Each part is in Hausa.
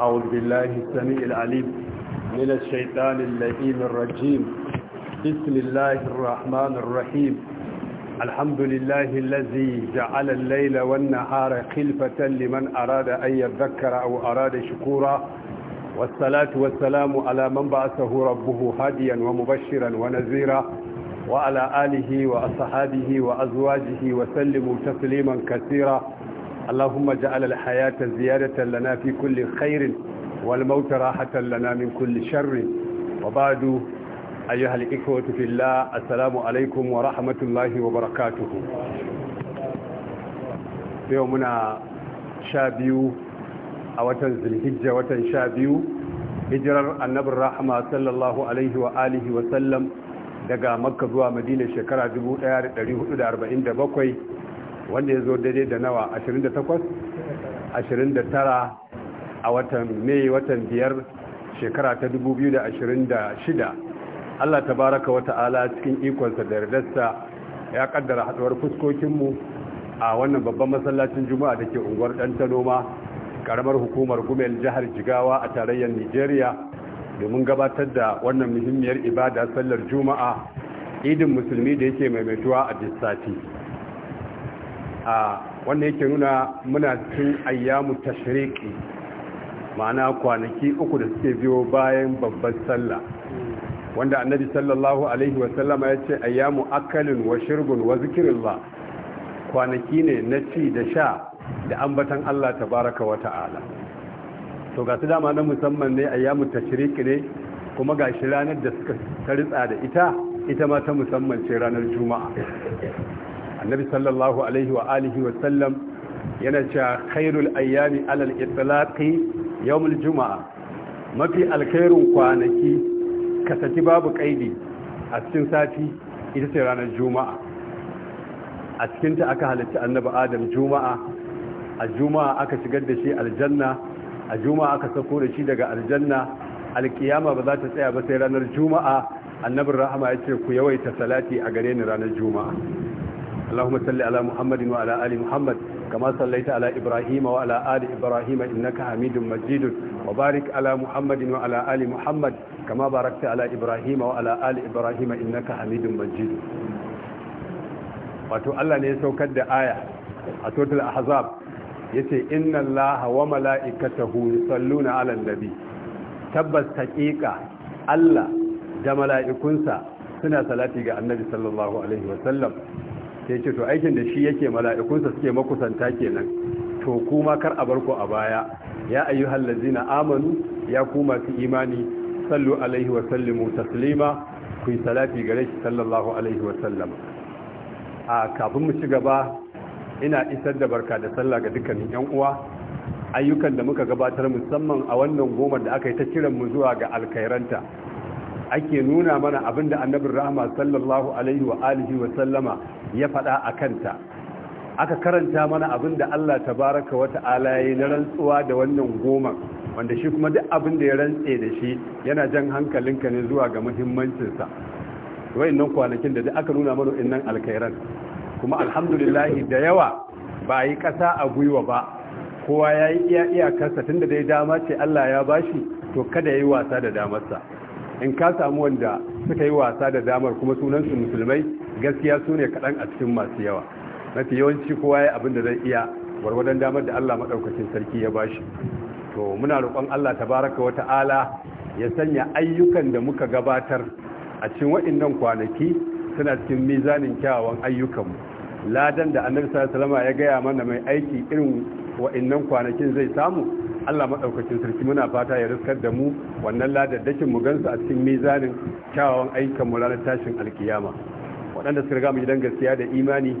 أعوذ بالله السميع العليم من الشيطان اللئيم الرجيم بسم الله الرحمن الرحيم الحمد لله الذي جعل الليل والنهار خلفة لمن أراد أن يذكر أو أراد شكورا والصلاة والسلام على من بعثه ربه هاديا ومبشرا ونذيرا وعلى آله وأصحابه وأزواجه وسلموا تسليما كثيرا اللهم جعل الحياة زيادة لنا في كل خير والموت راحة لنا من كل شر وبعد أيها الإخوة في الله السلام عليكم ورحمة الله وبركاته في يومنا شابيو أو تنزل هجة وتنشابيو hijirar annabin rahama sallallahu alaihi wa alihi wa sallam daga makka zuwa madina shekara 1447 wanda ya zo daidai da nawa 28 29 a watan mai watan biyar shekara ta 2026 Allah baraka wata ta'ala cikin ikonsa da yardarsa ya kaddara haduwar fuskokinmu a wannan babban masallacin juma'a da ke unguwar ɗan tanoma karamar hukumar gumel jihar jigawa a tarayyar nigeria domin gabatar da wannan muhimmiyar ibada sallar juma'a idin musulmi da yake maimaituwa a dissati a wannan yake nuna muna cikin ayyamu tashriki, ma'ana kwanaki uku da suke biyo bayan babbar sallah wanda annabi sallallahu alaihi sallama ya ce ayyamu akalin wa shirgun wa zikirillah kwanaki ne na ci da sha da ambatan Allah tabaraka wa ta'ala to ga su dama na musamman ne ayyamu tashriqi ne kuma gashi ranar da suka tarisa da ita ita ma ta musamman ce ranar juma'a annabi sallallahu alaihi wa alihi wa sallam yana cewa khairul ayyami alal itlaqi al juma'a mafi alkhairun kwanaki kasati babu kaidi a cikin sati ita ce ranar juma'a a cikin ta aka halitta annabi adam juma'a a juma'a aka shigar da shi aljanna a juma'a aka sako da shi daga aljanna alkiyama ba za ta tsaya ba sai ranar juma'a annabin rahama ya ce ku yawaita salati a gare ni ranar juma'a اللهم صل على محمد وعلى ال محمد كما صليت على ابراهيم وعلى ال ابراهيم انك حميد مجيد وبارك على محمد وعلى ال محمد كما باركت على ابراهيم وعلى ال ابراهيم انك حميد مجيد wato Allah ne ya saukar da aya a total ahzab yace inna allaha wa mala'ikatahu yusalluna ala nabi tabbas haqiqa Allah da mala'ikunsa suna salati ga annabi sallallahu alaihi wa sallam sai ce to aikin da shi yake mala'ikunsa suke makusanta kenan to kuma kar a barko a baya ya ayyuhal ladzina amanu ya kuma su imani sallu alaihi wa sallimu taslima ku yi salati gare shi sallallahu alaihi wa sallama. a kafin mu ci gaba ina isar da barka da sallah ga dukkanin yan uwa ayyukan da muka gabatar musamman a wannan goma da aka yi ta kiran mu zuwa ga alkairanta ake nuna mana abinda Annabi annabin rahama sallallahu alaihi wa alihi wa sallama ya faɗa a kanta aka karanta mana abin da Allah ta wata wata ya na rantsuwa da wannan goma wanda shi kuma duk abin da ya rantse da shi yana jan hankalinka ne zuwa ga muhimmancinsa nan kwanakin da duk aka nuna mana innan alkhairan kuma alhamdulillah da yawa ba yi kasa a gwiwa ba kowa yayi yi iya iyakarsa tunda dai dama ce Allah ya bashi to kada ya yi wasa da damarsa in ka samu wanda suka yi wasa da damar kuma sunansu musulmai gaskiya su ne kaɗan a cikin masu yawa mafi yawanci kowa ya abin da zai iya gwargwadon damar da allah maɗaukacin sarki ya ba shi. to muna roƙon allah Ta baraka wa ta'ala ya sanya ayyukan da muka gabatar a cikin waɗannan kwanaki suna cikin mizanin kyawawan ayyukanmu ladan da annabi sallallahu alaihi ya gaya mana mai aiki irin waɗannan kwanakin zai samu Allah maɗaukacin sarki muna fata ya riskar da mu wannan ladaddakin mu gansu a cikin mizanin kyawawan ayyukan mu ranar tashin alkiyama waɗanda suka riga mu gidan gaskiya da imani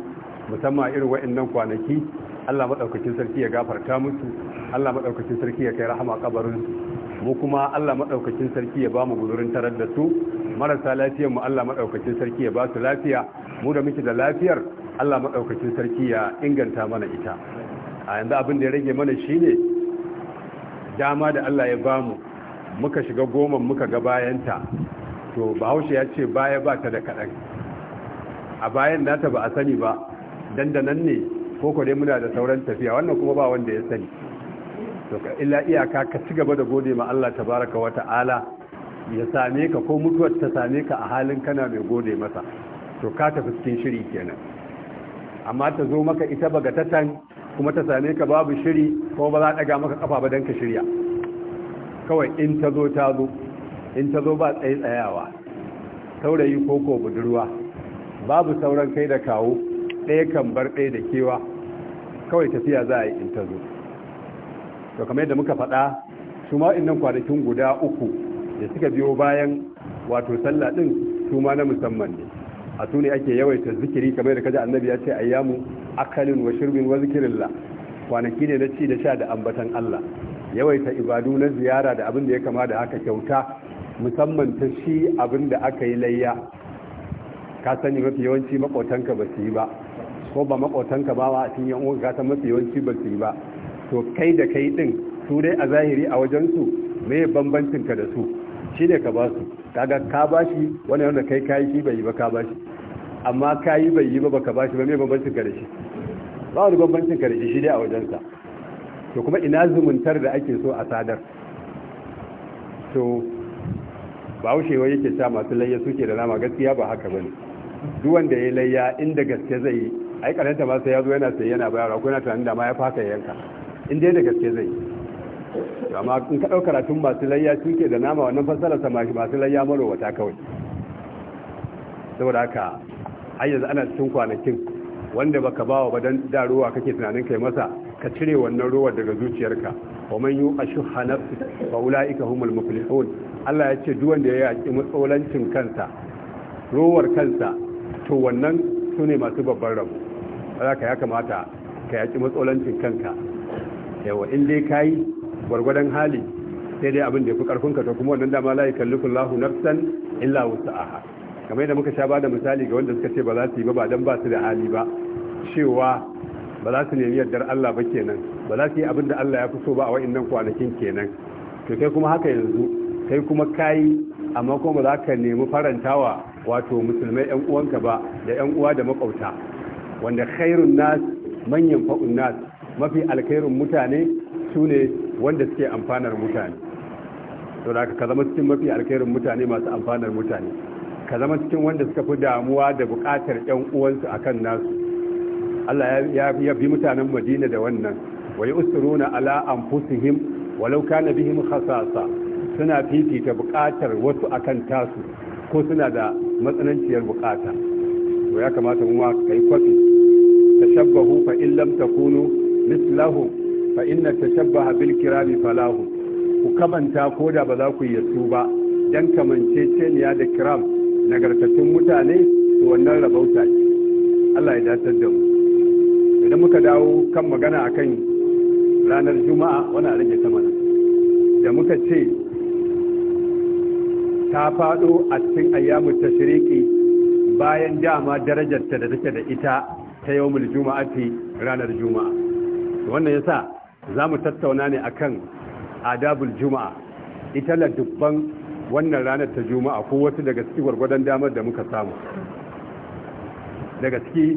musamman irin wa'annan kwanaki Allah maɗaukacin sarki ya gafarta musu Allah maɗaukacin sarki ya kai rahama kabarin mu kuma Allah maɗaukacin sarki ya ba mu guzurin tarar da su marasa lafiyar mu Allah maɗaukacin sarki ya ba su lafiya mu da muke da lafiyar Allah maɗaukacin sarki ya inganta mana ita a yanzu abin da ya rage mana shine dama da Allah ya bamu muka shiga goma muka ga bayanta to bahaushe ya ce baya ba ta da kaɗan a bayan nata ba a sani ba dandanan ne ko ko muna da sauran tafiya wannan kuma ba wanda ya sani to ka illa iyaka ka ci gaba da gode ma Allah tabaraka wa ta'ala ya same ka ko mutuwar ta same ka a halin kana mai gode masa to ka tafi cikin shiri kenan amma ta zo maka ita baga tatan kuma ta same ka babu shiri kuma ba za a daga maka kafa ba don ka shirya kawai in ta zo ta zo in ta zo ba tsaye tsayawa saurayi ko ko budurwa babu sauran kai da kawo ɗaya kan bar ɗaya da kewa kawai tafiya za a yi in ta zo to kamar yadda muka faɗa su ma innan kwanakin guda uku da suka biyo bayan wato sallah ɗin su ma na musamman ne a su ne ake yawaita zikiri kamar da kaji annabi ya ce ayyamu akalin wa shirbin wa la kwanaki ne na ci da sha da ambatan Allah yawaita ibadu na ziyara da abin da ya kama da haka kyauta musamman ta shi abin da aka yi layya ka sani mafi yawanci makotanka ba su yi ba ko ba makotanka ba a cikin yan ka san mafi yawanci ba su yi ba to kai da kai din su dai a zahiri a wajen su me bambancin ka da su shine ka ba su kaga ka ba shi wani wanda kai kayi shi bai yi ba ka ba shi amma ka yi bai yi ba baka ba shi ba me bambancin ka da shi ba wani bambancin karshe shi dai a wajensa to kuma ina zumuntar da ake so a sadar to ba wushewa yake sa masu layya suke da nama gaskiya ba haka bane duk wanda ya layya inda gaske zai yi ai karanta ma sai ya zo yana sai yana bayarwa ko yana tunanin da ma ya fasa yanka inda da gaske zai yi amma in ka ɗauka karatun masu layya suke da nama wannan fassararsa masu layya marowata kawai saboda haka har yanzu ana cikin kwanakin wanda baka bawa ba dan da ruwa kake tunanin kai masa ka cire wannan ruwa daga zuciyarka wa man yu'ashuha nafsi fa ulaika humul muflihun Allah ya ce duk wanda ya yaki matsolancin kansa ruwar kansa to wannan sune masu babban rabo ka ya kamata ka yaki matsolancin kanka yawa in dai kai gwargwadon hali sai dai abin da ya fi karfinka to kuma wannan dama la yukallifu Allahu nafsan illa wusa'aha kamar yadda muka sha ba da misali ga wanda suka ce ba za su yi ba ba ba su da hali ba cewa ba za su nemi yardar Allah ba kenan ba za su yi abin da Allah ya fi so ba a wa'annan kwanakin kenan to kai kuma haka yanzu kai kuma kayi amma kuma za ka nemi farantawa wato musulmai yan uwanka ba da yan uwa da makauta wanda khairun nas manyan fa'un nas mafi alkhairun mutane sune wanda suke amfanar mutane to da ka zama cikin mafi alkhairun mutane masu amfanar mutane ka zama cikin wanda suka fi damuwa da bukatar yan uwansu akan nasu Allah ya bi mutanen Madina da wannan wa yusiruna ala anfusihim walau kana bihim khasasa suna fifita bukatar wasu akan tasu ko suna da matsananciyar bukata to ya kamata mu kai kwafi tashabbahu fa in lam takunu mislahu fa inna tashabbaha bil kirami falahu ku kamanta koda ba za ku yi su ba dan ceniya da kiram nagartattun mutane to wannan rabauta ce Allah ya datar da mu idan muka dawo kan magana akan ranar juma'a wani a rage sama da muka ce ta faɗo a cikin ta shiriki bayan dama darajarta da take da ita ta juma'a juma'ati ranar juma'a wannan yasa za mu tattauna ne akan adabul juma'a ita la dubban wannan ranar ta juma'a ko wasu daga ciki gwargwadon damar da muka samu daga ciki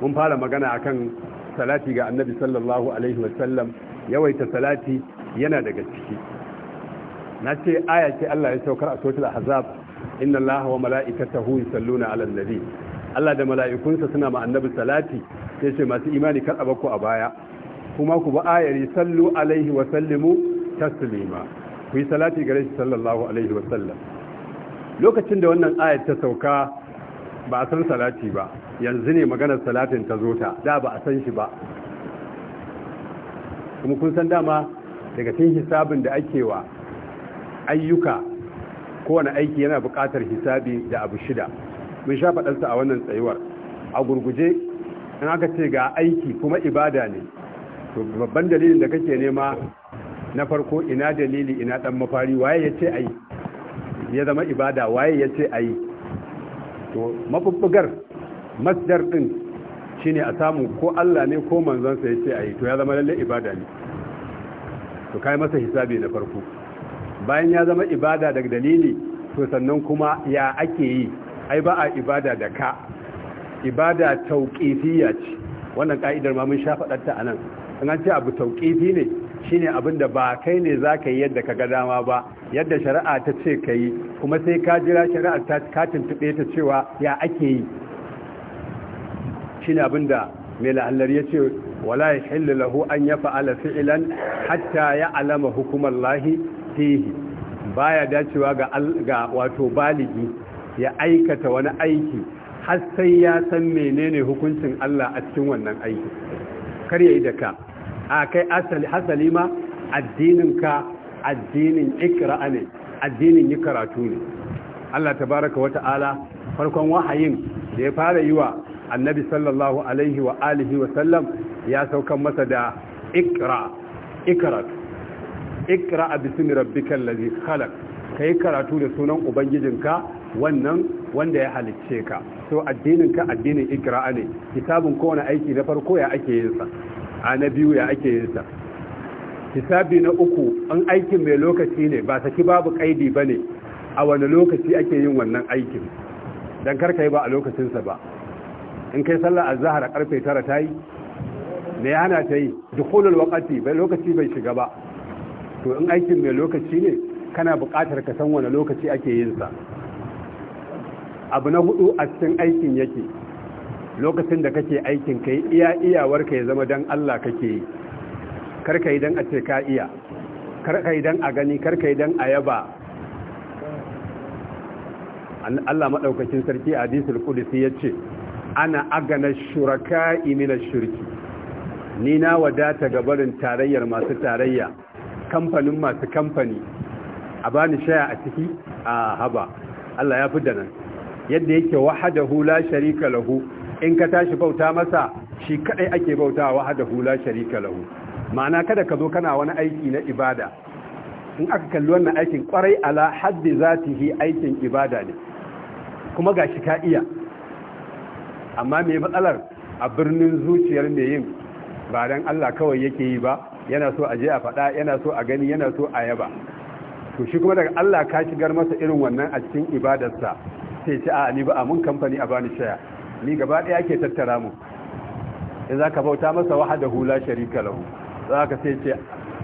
mun fara magana akan salati ga annabi sallallahu alaihi wasallam yawaita salati yana daga ciki na ce aya ce Allah ya saukar a sotul ahzab inna allaha wa mala'ikatahu yusalluna 'alan nabi Allah da mala'ikunsa suna ma annabi salati sai ce masu imani kar a a baya kuma ku ba ayari sallu alaihi wa sallimu taslima ku yi salati gare shi sallallahu alaihi wasallam lokacin da wannan ayat ta sauka ba a san salati ba yanzu ne maganar salatin ta zo ta da ba a san shi ba kuma kun san dama daga cikin hisabin da ake wa ayyuka kowane aiki yana buƙatar hisabi da abu shida mun sha ɗansa a wannan tsayuwar a gurguje in aka ce ga aiki kuma ibada ne to babban dalilin da kake nema na farko ina dalili ina dan mafari waye ya ce ayi ya zama ibada waye ya ce ayi to mafubbugar masdar din shine a samu ko Allah ne ko manzonsa ya ce ayi to ya zama lalle ibada ne to kai masa hisabi na farko bayan ya zama ibada daga dalili to sannan kuma ya ake yi ai ba a ibada da ka ibada tauqifiyya ce wannan ka'idar ma mun sha ta anan an ce abu tauqifi ne shine abin da ba kai ne za ka yi yadda ka ga dama ba yadda shari'a ta ce ka yi kuma sai ka jira shari'a ta katin ta cewa ya ake yi shine abin da mai la'allar ya ce wala ya lahu an ya fa'ala fi'ilan hatta ya alama hukumar lahi fihi baya dacewa ga ga wato baligi ya aikata wani aiki har sai ya san menene hukuncin Allah a cikin wannan aiki kar ya yi da ka a kai hasali ma addininka addinin ikra ne addinin yi karatu ne Allah tabaraka wa ta'ala farkon wahayin da ya fara yi wa annabi sallallahu alaihi wa alihi wa sallam ya saukan masa da ikra ikrat ikra bismi rabbikal ladhi khalaq kai karatu da sunan ubangijinka wannan wanda ya halicce ka so addinin ka addinin ikra ne kitabun kowane aiki na farko ya ake yin sa a na biyu ya ake yin sa hisabi na uku an aikin mai lokaci ne ba saki babu kaidi ba ne a wani lokaci ake yin wannan aikin don karka yi ba a lokacinsa ba in kai sallar zahar a karfe tara ta yi ne yana ta yi dukulul wakati bai lokaci bai shiga ba to in aikin mai lokaci ne kana buƙatar ka san wani lokaci ake yin sa abu na hudu a cikin aikin yake lokacin da kake aikin kai iya iyawar ka ya zama dan Allah kake yi karka yi a ce ka iya karka yi a gani karka yi a yaba Allah madaukakin sarki a hadisul qudsi yace ana agana shuraka min ash-shirki ni na wadata gabarin tarayyar masu tarayya kamfanin masu kamfani a bani shaya a ciki a haba Allah ya fi da nan yadda yake wahada la sharika lahu in ka tashi bauta masa shi kadai ake bautawa hada hula sharika lahu ma'ana kada ka zo kana wani aiki na ibada in aka kalli wannan aikin kwarai ala haddi zatihi aikin ibada ne kuma ga shi ka iya amma mai matsalar a birnin zuciyar mai yin ba dan Allah kawai yake yi ba yana so a je a faɗa yana so a gani yana so a yaba to shi kuma daga Allah ka shigar masa irin wannan a cikin ibadarsa sai ce a ni ba a mun kamfani a bani shaya ni gaba ɗaya ke tattara mu in za ka bauta masa wahada hula sharika lahu za ka sai ce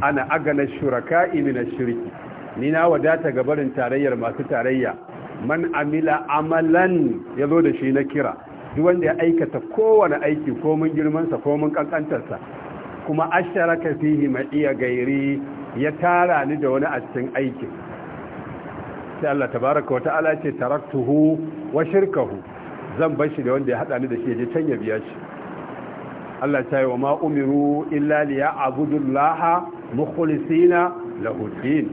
ana agana shuraka na shirki ni na wadata gabarin tarayyar masu tarayya man amila amalan ya zo da shi na kira duk wanda ya aikata kowane aiki ko mun girmansa ko mun kankantarsa kuma asharaka fihi ma iya gairi ya tara ni da wani a cikin aikin sai Allah tabaraka wa ta'ala ce taraktuhu wa shirkahu zan bar shi da wanda ya hada ni da shi je can ya biya shi Allah ta yi wa ma umiru illa li ya'budullaha mukhlisina lahu din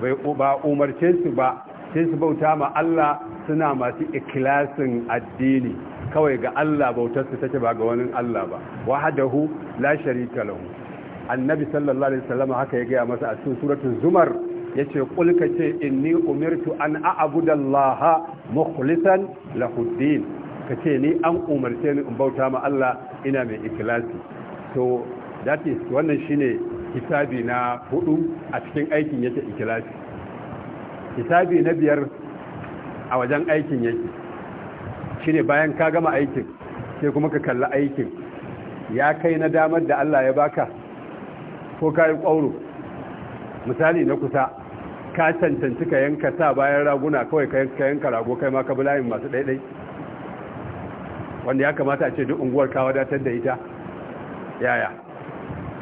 bai ba umarce su ba sai su bauta ma Allah suna masu ikhlasin addini kawai ga Allah bautar su take ba ga wani Allah ba wahdahu la sharika lahu annabi sallallahu alaihi wasallam haka ya gaya masa a cikin suratul zumar yace qul kace inni umirtu an a'budallaha mukhlisan lahu din ka ce ni an umarce ni in bauta ma Allah ina mai ikilasi to that is wannan shine hisabi na hudu a cikin aikin yake ikilasi hisabi na biyar a wajen aikin yake shine bayan ka gama aikin sai kuma ka kalla aikin ya kai na damar da Allah ya baka ko ka yi misali na kusa ka cancanci ka yanka sa bayan raguna kawai ka yanka rago kai ma ka bi layin masu daidai. wanda ya kamata a ce duk unguwar ka datar da ita yaya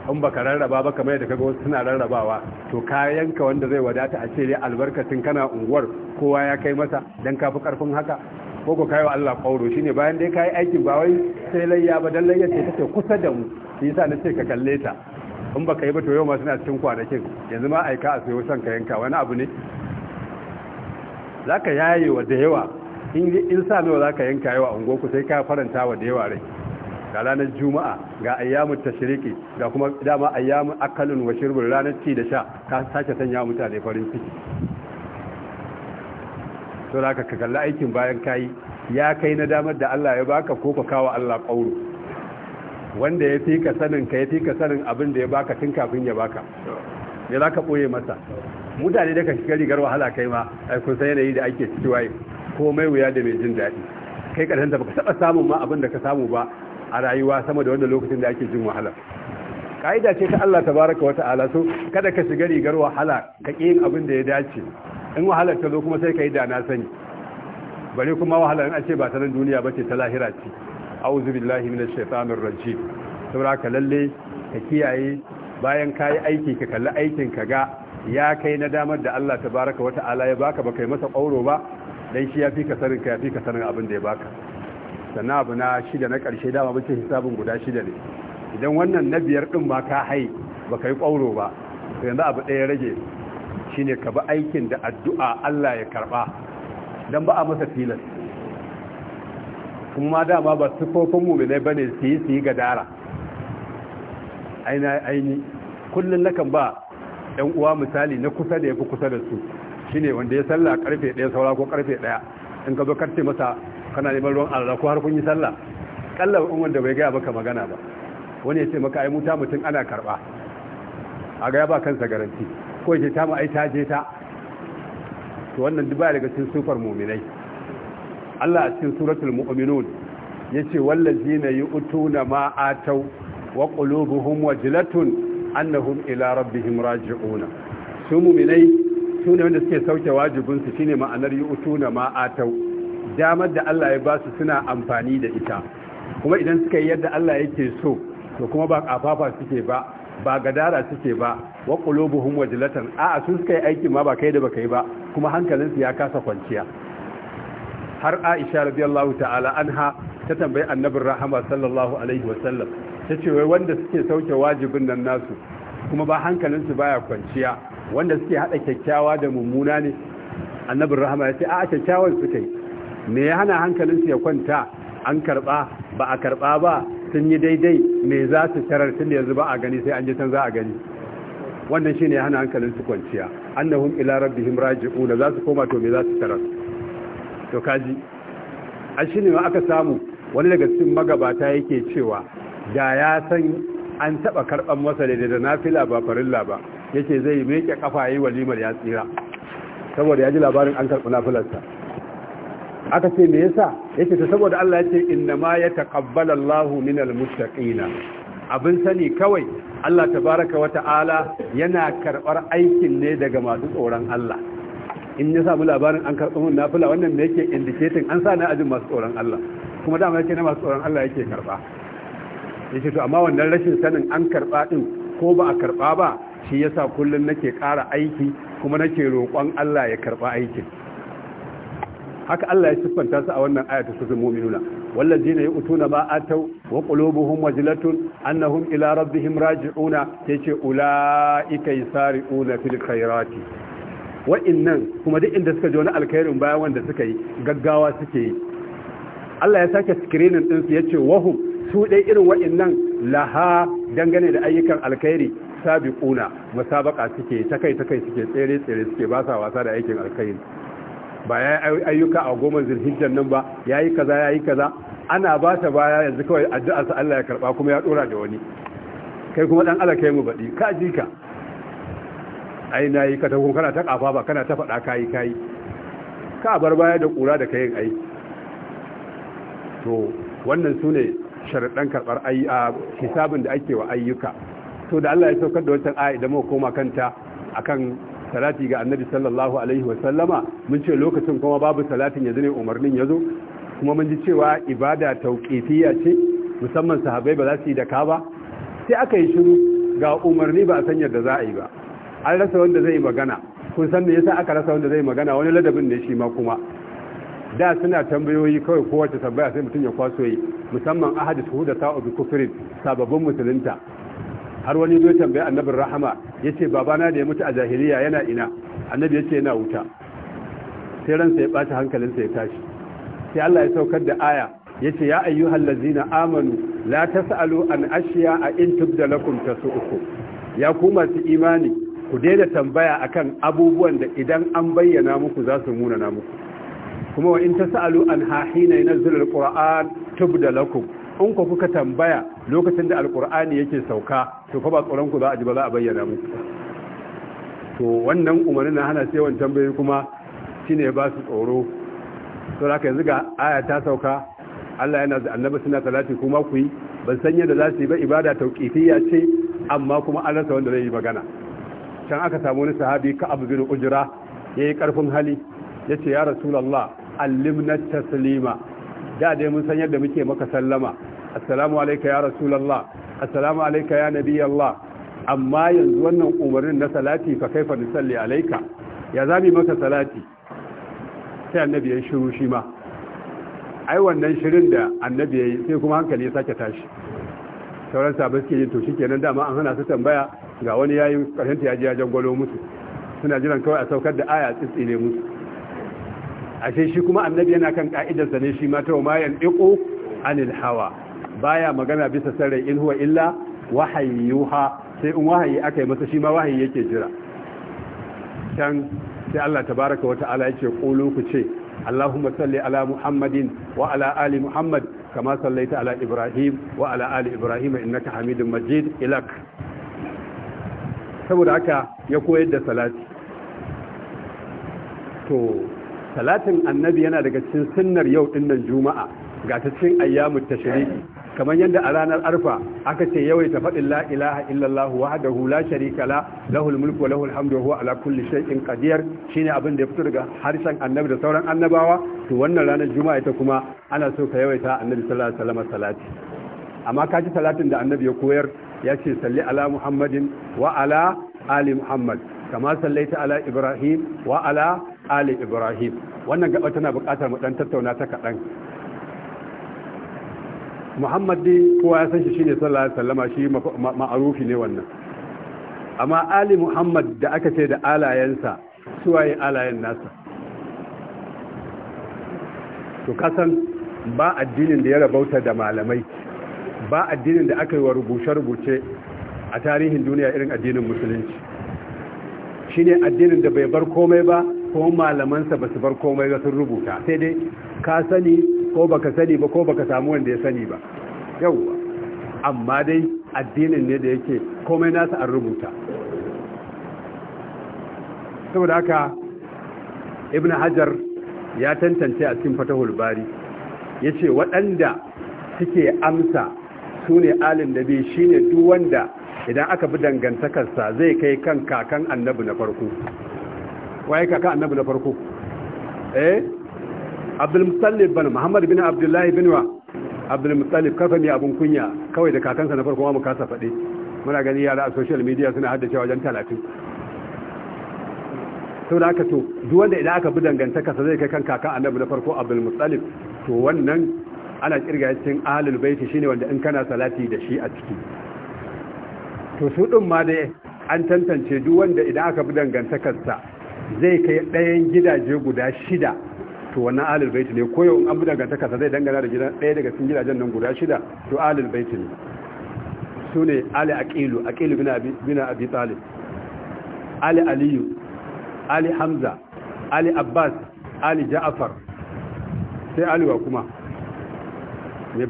in baka rarraba ba kamar yadda kaga wasu suna rarrabawa to kayanka wanda zai wadata a ce dai albarkacin kana unguwar kowa ya kai masa dan kafi karfin haka ko ko kayo Allah kauro shine bayan dai kayi aikin ba wai sai layya ba dan layya ce take kusa da mu shi yasa nace ka kalle ta in baka yi ba to yau ma suna cikin kwanakin yanzu ma aika a sayo san kayanka wani abu ne zaka yayewa da yawa in sa nawa za ka yanka yawa a unguwarku sai ka faranta wa da yawa rai ga ranar juma'a ga ayyamun tashiriki da kuma dama ayyamun akalin wa shirbin ranar ci da sha ka sake sanya mutane farin ciki to da ka kalla aikin bayan kayi ya kai na damar da Allah ya baka ko ka kawo Allah ƙauru, wanda ya fi ka sanin ka ya fi ka sanin abin da ya baka tun kafin ya baka me za ka ɓoye masa mutane da ka shiga rigar wahala kai ma ai san yanayi da ake ciki waye mai wuya da mai jin daɗi kai ƙarshen ta baka taɓa samun ma abin da ka samu ba a rayuwa sama da wanda lokacin da ake jin wahala ka'ida ce ta Allah tabaraka wa ta'ala so kada ka shiga rigar wahala ka ƙi yin abin da ya dace in wahala ta zo kuma sai ka yi da na sani bare kuma wahalar a ce ba ta nan duniya ba ce ta lahira ce a'udhu billahi minash shaitanir rajim saboda ka lalle ka kiyaye bayan ka yi aiki ka kalli aikin ka ga ya kai na damar da Allah ta baraka wata ala ya baka ba kai masa ƙauro ba Don shi ya fi ka sanin ka ya fi ka sanin abin da ya baka sannan abu na shida na ƙarshe dama muke hisabin guda shida ne idan wannan na biyar ɗin ba ka hai ba yi ƙauro ba sai yanzu abu ɗaya rage shine ka bi aikin da addu'a Allah ya karɓa don ba a masa filas kuma dama ba sufofin mu ne bane su yi su gadara aina aini kullun lakan ba ɗan uwa misali na kusa da ya fi kusa da su Shi ne wanda ya salla karfe ɗaya saura ko karfe ɗaya, in ka zo karfe masa kana neman ruwan Allah ko har kun yi salla ƙalla in wanda bai gaya maka magana ba wani ya ce maka ai muta mutum ana karɓa. a ga ya ba kansa garanti ko ya ce ta mu ta je ta to wannan duk ba daga cikin sufar mu'minai Allah a cikin suratul mu'minun yace wallazina yu'tuna ma atau wa qulubuhum wajlatun annahum ila rabbihim raji'un su mu'minai su ne wanda suke sauke wajibin su shine ma'anar yu'tuna ma atau damar da Allah ya ba su suna amfani da ita kuma idan suka yi yadda Allah yake so to kuma ba kafafa suke ba ba gadara suke ba wa qulubuhum wajlatan a sun suka yi aiki ma ba kai da baka yi ba kuma hankalinsu ya kasa kwanciya har Aisha radiyallahu ta'ala anha ta tambayi Annabi, rahama sallallahu alaihi wasallam ta ce wai wanda suke sauke wajibin nan nasu kuma ba hankalinsu baya kwanciya wanda suke haɗa kyakkyawa da mummuna ne annabin rahama ya ce a kyakkyawan suka yi me ya hana hankalinsu ya kwanta an karɓa ba a karɓa ba sun yi daidai me za su tarar tun yanzu ba a gani sai an ji can za a gani wannan shine ya hana hankalinsu kwanciya annahum ila rabbihim raji'una za su koma to me za su tarar to kaji a shine ma aka samu wani daga cikin magabata yake cewa da ya san an taɓa karban masa da da nafila ba farilla ba yake zai meke kafa yi walimar ya tsira saboda ya ji labarin an karɓi nafilarsa aka ce me yasa yake ta saboda Allah ya ce inna ma ya taqabbala Allahu minal muttaqina abin sani kawai Allah tabaaraka wa ta'ala yana karɓar aikin ne daga masu tsoron Allah in ya samu labarin an karɓi mun nafila wannan me yake indicating an sa na ajin masu tsoron Allah kuma dama yake na masu tsoron Allah yake karɓa yace to amma wannan rashin sanin an karba din ko ba a karɓa ba shi yasa kullun nake ƙara aiki kuma nake roƙon Allah ya karba aikin haka Allah ya siffanta su a wannan ayatu su zama mu'minuna wallazina yu'tuna ma atau wa qulubuhum wajlatun annahum ila rabbihim raji'una yace ulaika sari'una fil khairati wa'innan kuma duk inda suka ji wani alkhairin bayan wanda suka yi gaggawa suke yi Allah ya sake screening din su ce wahum su dai irin waɗannan laha dangane da ayyukan alkhairi sabiquna musabaka suke ta kai ta kai suke tsere tsere suke ba sa wasa da aikin alkhairi ba ya ayyuka a goma zulhijjar nan ba yayi kaza yayi kaza ana ba ta baya yanzu kawai addu'a sa Allah ya karba kuma ya dora da wani kai kuma dan Allah kai mu badi ka ji ka ai nayi ka ta kana ta kafa ba kana ta fada kai kai ka bar baya da kura da kayan ai to wannan su sharaɗan karɓar hisabin da ake wa ayyuka to da Allah ya saukar da wancan aya idan muka koma kanta akan salati ga annabi sallallahu alaihi wasallama mun ce lokacin kuma babu salatin yanzu ne umarnin ya zo kuma mun ji cewa ibada tauqifiyya ce musamman sahabai ba za su yi da ka ba sai aka yi shiru ga umarni ba a san yadda za a yi ba an rasa wanda zai magana kun san me yasa aka rasa wanda zai magana wani ladabin ne shi ma kuma da suna tambayoyi kawai kowace tambaya sai mutum ya kwaso yi musamman ahadi shuhuda ta bi kufrin sababbin musulunta har wani zo tambaya annabin rahama ya ce babana da ya mutu a jahiliya yana ina annabi yace yana wuta sai ransa ya ɓaci hankalinsa ya tashi sai Allah ya saukar da aya ya ce ya ayyuhal na amanu la tasalu an ashiya a in tubda lakum uku ya ku masu imani ku daina tambaya akan abubuwan da idan an bayyana muku za su muna muku kuma wa in sa’alu an hahina yanzul alquran tubda lakum in ku kuka tambaya lokacin da alƙura’ani yake sauka to fa ba ku za a ji ba za a bayyana mu to wannan umarnin na hana sai wancan bai kuma ne ba su tsoro to ka yanzu ga aya ta sauka Allah yana da annabi suna salati kuma ku yi ban san yadda za su yi ba ibada tauqifiyya ce amma kuma an rasa wanda zai yi magana can aka samu wani sahabi ka abu bin ujra yayi karfin hali yace ya rasulullah allimna taslima da dai mun san yadda muke maka sallama assalamu alayka ya rasulullah assalamu alayka ya nabiyallah amma yanzu wannan umarnin na salati fa kaifa nusalli alayka ya zami maka salati sai annabi ya shiru shi ma ai wannan shirin da annabi yayi sai kuma hankali ya sake tashi sauran sabon suke yin to kenan dama an hana su tambaya ga wani yayin karanta ya ji ya jangwalo musu suna jiran kawai a saukar da aya tsitsi ne musu ashe shi kuma annabi yana kan ka'idarsa ne shi ma ta ma yan anil hawa baya magana bisa sarrai in huwa illa wahayyuha sai in wahayi aka yi masa shi ma wahayi yake jira can sai Allah tabaraka wata'ala yake kulu ku ce Allahumma salli ala Muhammadin wa ala ali Muhammad kama sallaita ala Ibrahim wa ala ali Ibrahim innaka Hamidum Majid ilak saboda haka ya koyar da salati to salatin annabi yana daga cikin sunnar yau nan juma'a ga ta cikin ayyamu tashriqi kamar yadda a ranar arfa aka ce yawaita faɗin la ilaha illallah wahdahu la sharika la lahul mulku wa lahul hamdu wa huwa ala kulli shay'in qadir shine abin da ya fito daga harshen annabi da sauran annabawa to wannan ranar juma'a ita kuma ana so ka yawaita annabi sallallahu alaihi wasallam salati amma ka ji salatin da annabi ya koyar ya ce salli ala muhammadin wa ala ali muhammad kama sallaita ala ibrahim wa ala ali ibrahim wannan gaba tana buƙatar mu dan tattauna ta kaɗan muhammad dai kowa ya san shi shine sallallahu alaihi wasallama shi ma'arufi ne wannan amma ali muhammad da aka ce da alayensa suwaye alayen nasa to kasan ba addinin da ya rabauta da malamai ba addinin da aka yi wa rubuce-rubuce a tarihin duniya irin addinin musulunci shine addinin da bai bar komai ba ko malamansa ba su bar komai ba sun rubuta sai dai ka sani ko baka sani ba ko baka samu wanda ya sani ba yauwa amma dai addinin ne da yake komai nasa an rubuta saboda haka ibn hajar ya tantance a cikin fatahul bari ya ce waɗanda suke amsa su ne alin da bi shi ne duk wanda idan aka bi dangantakarsa zai kai kan kakan annabi na farko waye kaka annabi na farko eh abdul mutallib bin muhammad bin abdullahi bin wa abdul mutallib kafa mi abun kunya kawai da kakansa na farko mu kasa fade muna gani yara a social media suna haddace wajen 30 sau da aka to duk wanda idan aka bi dangantaka sa zai kai kan kaka annabi na farko abdul mutallib to wannan ana kirga cikin ahlul baiti shine wanda in kana salati da shi a ciki to su din ma dai an tantance duk wanda idan aka bi dangantakarsa zai kai ɗayan gidaje guda shida to wannan alil baiti ne ko yau an buɗe kasa zai dangana da gidan ɗaya daga cikin gidajen nan guda shida to alil baiti ne su ne ali aqilu aqilu bin abi talib ali aliyu ali hamza ali abbas ali ja'far sai aliwa kuma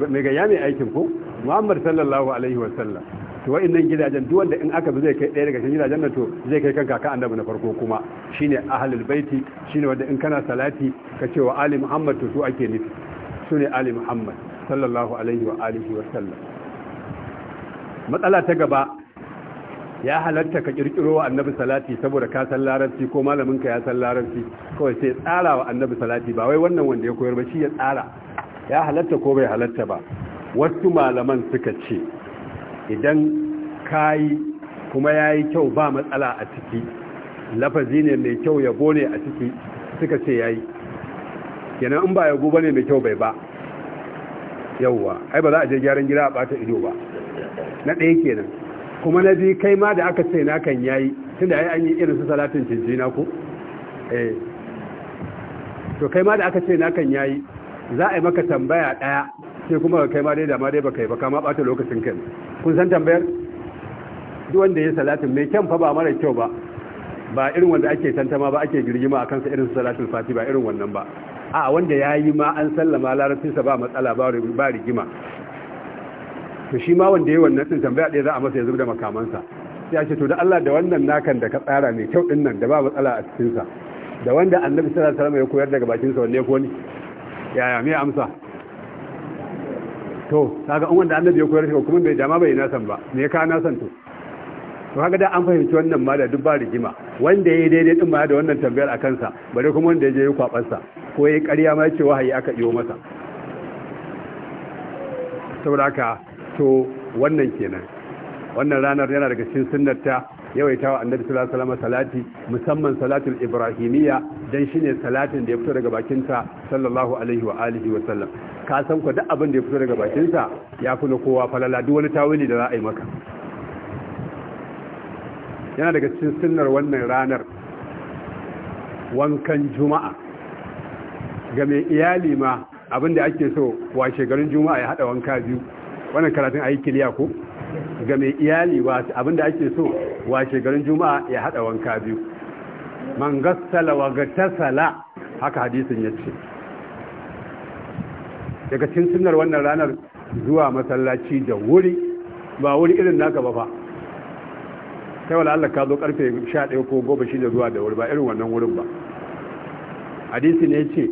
mai gayya mai aikin ku muhammad sallallahu alaihi wasallam to wa'annan gidajen duk wanda in aka bi zai kai ɗaya daga cikin gidajen nan to zai kai kanka ka annabi na farko kuma shine ahlul baiti shine wanda in kana salati ka ce wa ali muhammad to su ake nufi sune ali muhammad sallallahu alaihi wa alihi wa sallam matsala ta gaba ya halatta ka kirkiro wa annabi salati saboda ka san larabci ko malamin ka ya san larabci kawai sai tsara wa annabi salati ba wai wannan wanda ya koyar ba shi ya tsara ya halatta ko bai halatta ba wasu malaman suka ce idan kayi kuma ya yi kyau ba matsala a ciki lafazi ne mai kyau yabo ne a ciki suka ce ya yi. yana in ba yabo ne mai kyau bai ba yauwa ai ba za a je gyaran gida a bata ido ba na ɗaya kenan kuma na biyu kai ma da aka ce na kan ya yayi tunda ai an yi irin su salatin na ko eh to kai ma da aka ce na kan ya yi, za a yi maka tambaya ɗaya sai kuma kai ma dai da ma dai baka kai ba kama bata lokacin kai kun san tambayar duk wanda ya salatin mai kyan fa ba mara kyau ba ba irin wanda ake tantama ba ake girgima akan sa irin salatul fati ba irin wannan ba a wanda yayi ma an sallama sa ba matsala ba ba rigima to shi ma wanda yayi wannan din tambaya ɗaya za a masa ya zubda makamansa sai a ce to da Allah da wannan nakan da ka tsara mai kyau din nan da ba matsala a cikin sa da wanda annabi sallallahu alaihi wasallam ya koyar daga bakin sa wanne ko ni yaya me amsa to kaga an wanda annabi ya koyar shi kuma bai dama bai nasan ba me ka nasan to to kaga da an fahimci wannan ma da dubba ba rigima wanda yayi daidai din ma da wannan tambayar a kansa bare kuma wanda yaje ya sa ko yayi ƙarya ma yace wahayi aka iyo masa saboda haka to wannan kenan wannan ranar yana daga cikin sunnarta yawaita wa annabi sallallahu alaihi wasallam salati musamman salatul ibrahimiyya dan shine salatin da ya fito daga bakinta sallallahu alaihi wa alihi wa sallam ka san ku duk abin da ya fito daga bakinsa ya fi na kowa falala duk wani tawili da za a yi maka yana daga cikin sunnar wannan ranar wankan juma'a ga mai iyali ma abin da ake so wa shekarun juma'a ya hada wanka biyu wannan karatun ayi kiliya ko ga mai iyali ba abin da ake so wa shekarun juma'a ya hada wanka biyu man gassala wa gattasala haka hadisin yace daga cin sunar wannan ranar zuwa masallaci da wuri ba wuri irin naka ba fa sai wala Allah ka zo karfe 11 ko 10 shi da zuwa da wuri ba irin wannan wurin ba hadisi ne ce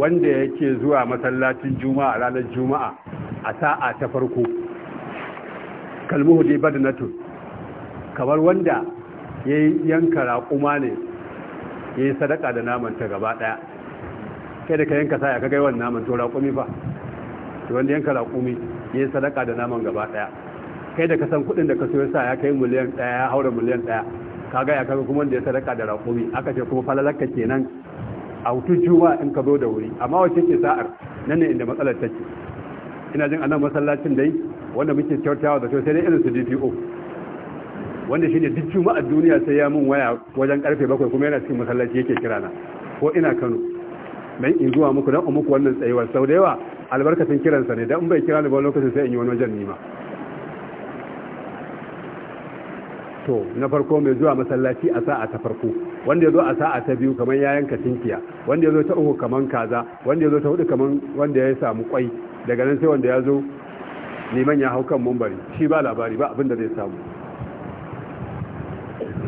wanda yake zuwa masallacin juma'a ranar juma'a a sa'a ta farko kalmuhu dai badnatu kamar wanda yayi yanka kuma ne yayi sadaka da naman ta gaba daya kai da ka yanka saya ka kai wannan naman to raƙumi fa to wanda yanka raƙumi ya yi sadaka da naman gaba ɗaya kai da ka san kuɗin da ka so sa ya kai miliyan ɗaya ya haura miliyan ɗaya ka ga ya kaga kuma wanda ya sadaka da raƙumi aka ce kuma falalaka kenan a hutun juma in ka zo da wuri amma wacce ke sa'ar nan ne inda matsalar take ina jin anan masallacin dai wanda muke kyautawa da sai dai irin su DPO wanda shine duk juma'a duniya sai ya mun waya wajen karfe bakwai kuma yana cikin masallaci yake kirana ko ina Kano Mai in zuwa muku don muku wannan tsayuwar sau da yawa albarkacin kiransa ne don bai kira ni ba lokacin sai in yi wani wajen nima to na farko mai zuwa masallaci a sa'a ta farko wanda ya zo a sa'a ta biyu kamar ya yanka wanda ya zo ta uku kamar kaza wanda ya zo ta hudu kamar wanda ya samu kwai daga nan sai wanda ya zo neman ya hau kan mumbari shi ba labari ba abin da zai samu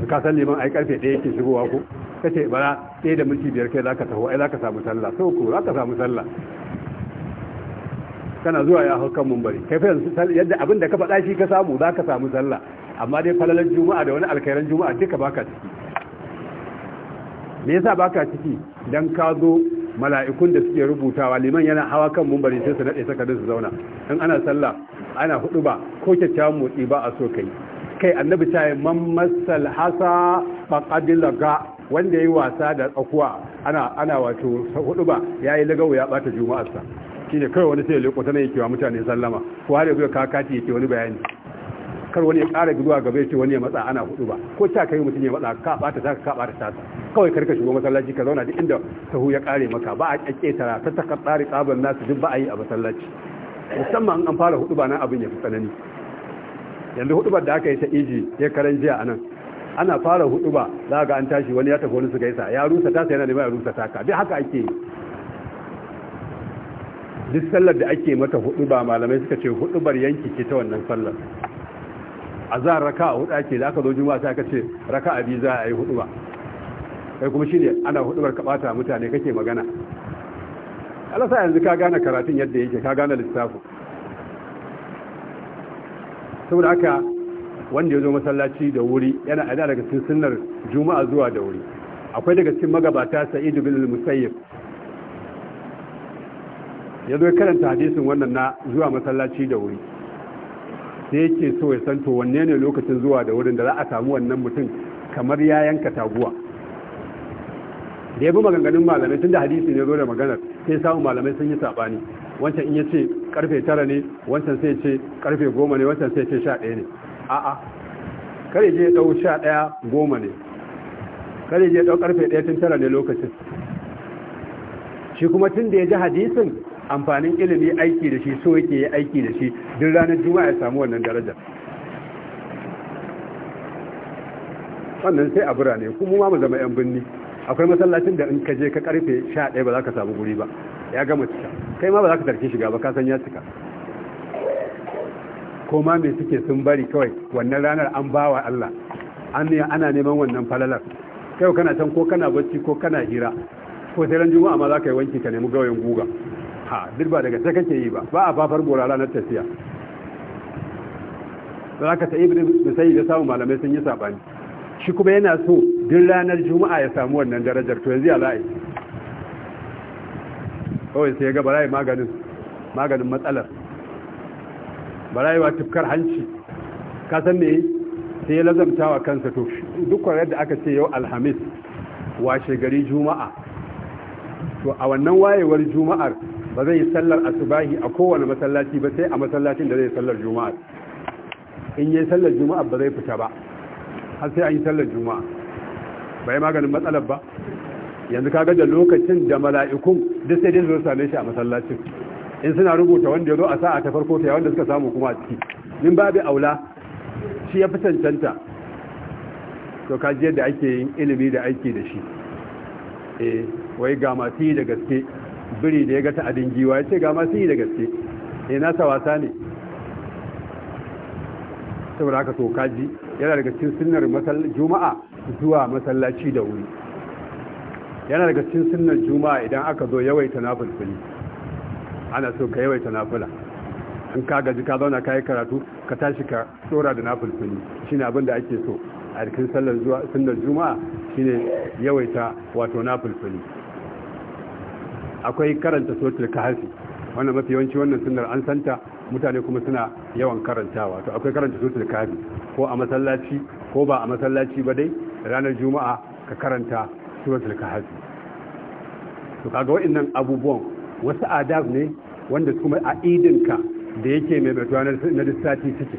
ka san neman ai karfe ɗaya yake shigowa ko kace bara ɗaya da minti biyar kai zaka taho ai zaka samu sallah so ko zaka samu sallah kana zuwa ya hau kan mumbari kai fa yadda abin da ka faɗa shi ka samu zaka samu sallah amma dai falalar juma'a da wani alkairan juma'a duka baka ciki me yasa baka ciki dan ka zo mala'ikun da suke rubutawa liman yana hawa kan mumbari sai su nade saka su zauna in ana sallah ana hudu ba ko kyakkyawan motsi ba a so kai kai annabi ta yi man masal hasa faqad laga wanda yi wasa da tsakuwa ana wato hudu ba yi lagawo ya bata juma'arsa shine kai wani sai leko tana yake wa mutane sallama ko har yanzu ka kati yake wani bayani kar wani ya ƙara guduwa gaba ya ce wani ya matsa ana hudu ba ko ta kai mutum ya matsa ka bata ta ka bata ta kawai karka shigo masallaci ka zauna duk inda sahu ya ƙare maka ba a kyakke tara ta ta tsari tsabar nasu duk ba a yi a masallaci musamman an fara hudu ba nan abin ya fi tsanani yanzu hudu da aka yi ta iji ya karan jiya anan ana fara hudu ba za ga an tashi wani ya tafi wani su gaisa ya rusa tasa yana neman ya rusa taka ka haka ake yi duk sallar da ake mata hudu ba malamai suka ce hudu bar yanki ke ta wannan sallar a za raka a hudu ake da aka zo juma'a sai aka ce raka a biyu za a yi hudu ba kai kuma shine ana hudu bar kabata mutane kake magana Allah sa yanzu ka gane karatun yadda yake ka gane lissafin saboda haka wanda ya zo masallaci da wuri yana a daga cikin sunnar juma'a zuwa da wuri akwai daga cikin magabata sa'idu bin al-musayyib ya zo karanta hadisin wannan na zuwa masallaci da wuri sai yake so ya san to wanne ne lokacin zuwa da wurin da za a samu wannan mutum kamar ya yanka taguwa da ya bi maganganun malamai tun da hadisi ne zo da maganar sai samun malamai sun yi saɓani wancan in ya ce karfe tara ne wancan sai ce karfe goma ne wancan sai ce sha ɗaya ne a'a kare je dau sha ɗaya goma ne kare je dau karfe ɗaya tun tara ne lokacin shi kuma tun da ya ji hadisin amfanin ilimi aiki da shi so yake yi aiki da shi duk ranar juma'a ya samu wannan daraja wannan sai a birane kuma ma mu zama yan birni akwai masallacin da in ka je ka karfe 11 ba za ka samu guri ba ya gama cika kai ma ba za ka tarke shiga ba ka san ya cika ko ma me suke sun bari kawai wannan ranar an bawa Allah an ne ana neman wannan falalar kai kana can ko kana bacci ko kana hira ko sai ran juma'a ma za ka yi wanki ka nemi gawayin guga ha duk ba daga ta kake yi ba ba a fafar gora ranar tafiya za ka ta ibn da samu malamai sun yi sabani shi kuma yana so duk ranar juma'a ya samu wannan darajar to yanzu ya la'i kawai sai ya ga barayi maganin maganin matsalar barayewa tufkar hanci ka san me sai ya wa kansa to duk yadda aka ce yau alhamis washe gari juma'a to a wannan wayewar juma'ar ba zai yi sallar asubahi a kowane masallaci ba sai a masallacin da zai sallar juma'a in yi sallar juma'a ba zai fita ba har sai an yi sallar juma'a bai maganin matsalar ba yanzu kaga da lokacin da mala'ikun duk sai dai zo same shi a masallacin in suna rubuta wanda ya zo a sa'a ta farko ta wanda suka samu kuma a ciki min babu aula shi ya fi cancanta to kaji yadda ake yin ilimi da aiki da shi eh wai ga masu yi da gaske biri da ya ga ta'adin giwa ya ce ga masu yi da gaske eh nasa wasa ne saboda haka to kaji yana daga cikin sunnar juma'a zuwa masallaci da wuri yana daga cikin sunnar juma'a idan aka zo yawaita na fulfuli ana so ka yawaita nafula in ka gaji ka zauna ka yi karatu ka tashi ka tsora da nafulfuni shi ne da ake so a cikin sallar zuwa sunan juma'a shine yawaita wato nafulfuni akwai karanta sotar kahfi wannan mafi yawanci wannan sunar an santa mutane kuma suna yawan karantawa to akwai karanta sotar kahfi ko a masallaci ko ba a masallaci ba dai ranar juma'a ka karanta sotar kahfi to kaga wa'annan abubuwan wasu adab ne wanda kuma a idinka da yake mai batuwa na lissati suke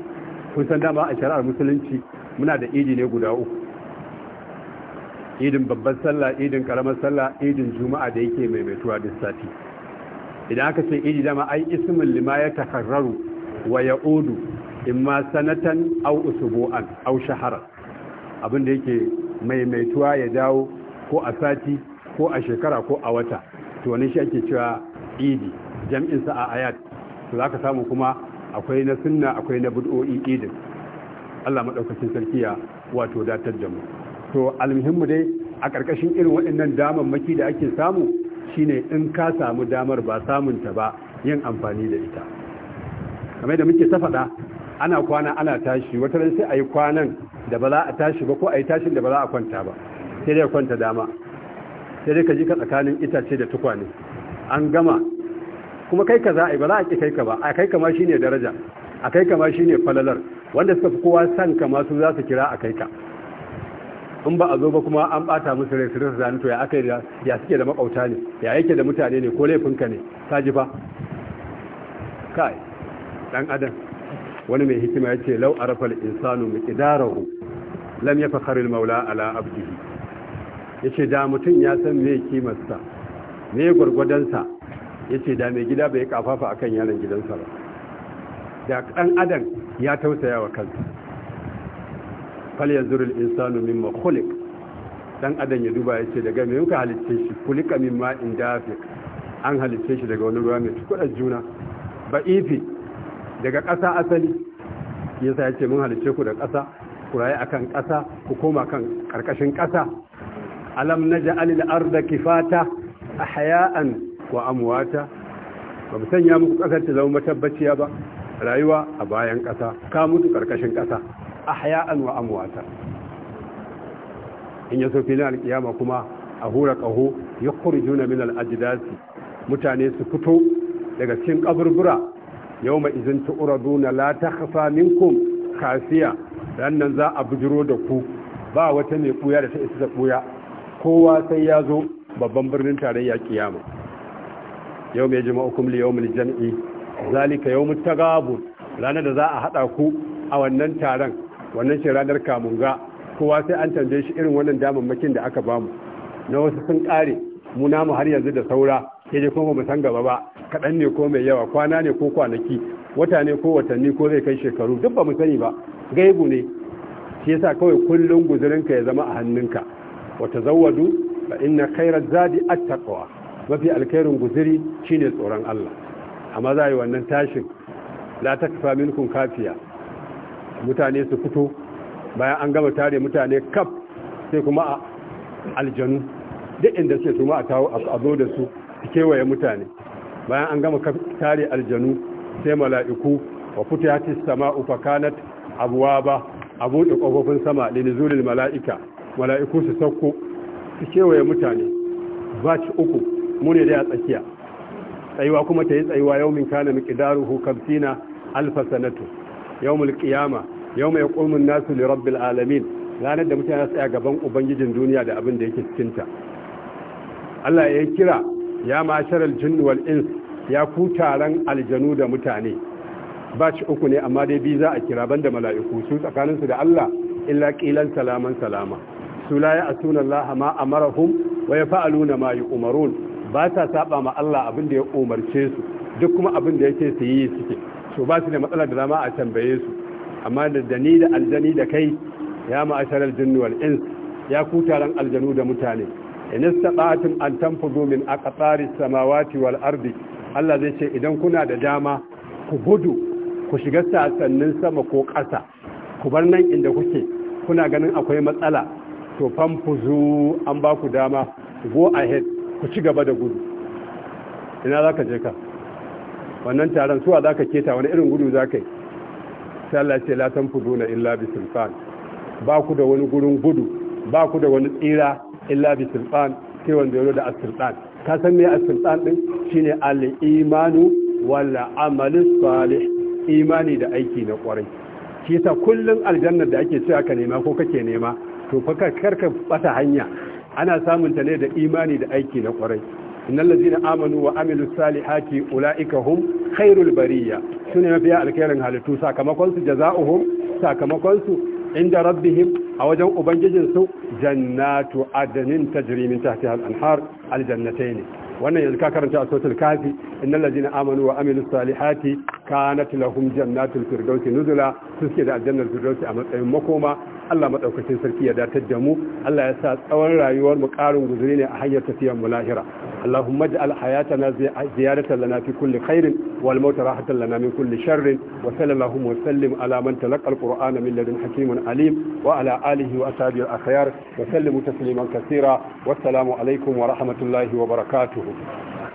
kun san dama a shari'ar musulunci muna da idi ne guda uku idin babban sallah idin karamar sallah idin juma'a da yake mai batuwa lissati idan aka ce idi dama ai ismin lima ya takarraru wa ya in ma sanatan au usubu'an au shahara abin da yake maimaituwa ya dawo ko a sati ko a shekara ko a wata to wani shi ake cewa idi jam'in sa a ayat to zaka samu kuma akwai na sunna akwai na bid'o'i idin Allah maɗaukacin sarki ya wato datar da mu to almuhimmu dai a karkashin irin waɗannan damammaki da ake samu shine in ka samu damar ba samun ta ba yin amfani da ita kamar da muke ta faɗa ana kwana ana tashi wata ran sai a yi kwanan da ba za a tashi ba ko a yi tashin da ba za a kwanta ba sai dai kwanta dama sai dai ka ji ka tsakanin itace da tukwane an gama kuma kai ka za ba za a ƙi kai ka ba a kai ka ma shine daraja a kai ka ma shine falalar wanda suka fi kowa san ka ma su za su kira a kai ka in ba a zo ba kuma an bata musu rai su rasa zani to ya aka ya suke da makauta ne ya yake da mutane ne ko laifin ka ne ta ji fa kai dan adam wani mai hikima ya ce lau arafal insanu miqdarahu lam yafkhar al maula ala abdihi yace da mutum ya san me kimarsa me gwargwadonsa ya ce da mai gida bai kafafa akan yaron gidansa ba da ɗan adam ya tausaya wa kansa fal yanzuru al-insanu mimma khuliq dan adam ya duba yace daga me muka halicce shi kulika mimma indafiq an halicce shi daga wani ruwa mai tukudar juna Ba ifi daga ƙasa asali yasa yace mun halicce ku da ƙasa ku rayu akan ƙasa ku koma kan ƙarƙashin ƙasa alam naj'al al-arda kifata ahya'an wa amwata ba mu sanya muku kasar ta zama matabbaciya ba rayuwa a bayan kasa ka mutu karkashin kasa ahya'an wa amwata in ya sofi na alkiyama kuma a hura kaho ya kurjuna min al'ajidasi mutane su fito daga cikin kaburbura yau mai izin tu'uraduna la ta kafa minkum kasiya rannan za a bujiro da ku ba wata mai kuya da ta isa da buya kowa sai ya zo babban birnin tarayya kiyama yau mai jima'u kum li yawmil jam'i zalika yawmut mutagabu. ranar da za a hada ku a wannan taron wannan shi ranar kamunga kowa sai an canje shi irin wannan damammakin da aka bamu na wasu sun kare mu namu har yanzu da saura sai dai kuma musan gaba ba kaɗan ne ko mai yawa kwana ne ko kwanaki wata ne ko watanni ko zai kai shekaru duk ba mu sani ba gaibu ne shi yasa kawai kullum guzurinka ya zama a hannunka wata zawadu fa inna khairaz zadi at-taqwa mafi alkhairin guzuri shine tsoron Allah amma za yi wannan tashin la takfa minkum kafiya mutane su fito bayan an gama tare mutane kaf sai kuma a aljanu duk inda sai su ma a tawo a zo da su su kewaye mutane bayan an gama tare aljanu sai mala'iku wa futihatis sama'u fakanat abwaba a buɗe kofofin sama linzulil mala'ika mala'iku su sauko su kewaye mutane ba ci uku mu ne da tsakiya tsayuwa kuma ta yi tsayuwa yau min kana miqdaruhu sina alfa sanatu kiyama yau mai kulmin nasu li rabbil alamin ranar da mutane tsaya gaban ubangijin duniya da abin da yake cikin ta Allah ya kira ya masharal jinni wal ins ya ku taron aljanu da mutane ba ci uku ne amma dai bi za a kira banda mala'iku su tsakaninsu da Allah illa kilan salaman salama su la atuna Allah ma amarahum wa yaf'aluna ma yu'marun ba ta saba ma Allah abin da ya umarce su duk kuma abin da yake su yi suke su ba su da matsala da zama a tambaye su amma da dani da aljani da kai ya ma'ashar aljinnu wal ins ya ku ran aljanu da mutane in istaqatum an tanfudu min aqtari samawati wal ardi Allah zai ce idan kuna da dama ku gudu ku shiga sasannin sama ko ƙasa ku bar nan inda kuke kuna ganin akwai matsala to famfuzu an ba ku dama go ahead ku ci gaba da gudu ina za ka je ka wannan taron suwa za ka keta wani irin gudu za ka yi sallah ce la fudu na illa bi sulfan ba ku da wani gurin gudu ba ku da wani tsira illa bi sulfan sai wanda yaro da asulfan ka san me asulfan din shine al-imanu wala amalus salih imani da aiki na kwarai kisa ta kullun aljannar da ake cewa ka nema ko kake nema to fa ka bata hanya ana samun ta ne da imani da aiki na kwarai innal ladina amanu wa amilu salihati ulaika hum khairul bariya sune mafiya alkhairin halittu sakamakon su jazaohum sakamakon su inda rabbihim a wajen ubangijin su jannatu adnin tajri min tahtiha al-anhar aljannatayn wannan yanzu ka karanta a sotul kafi innal ladina amanu wa amilu salihati kanat lahum jannatul firdausi nuzula suke da aljannar firdausi a matsayin makoma Allah madaukakin sarki ya datar da mu Allah ya sa tsawon rayuwar mu karin guzuri ne a hanyar tafiyar mu lahira Allahumma ij'al hayatana ziyaratan lana fi kulli khairin wal mauta rahatan lana min kulli sharrin wa sallallahu wa sallim ala man talaqa min hakimin alim wa ala alihi wa ashabihi al-akhyar wa sallimu tasliman katsira wassalamu alaikum wa rahmatullahi wa barakatuh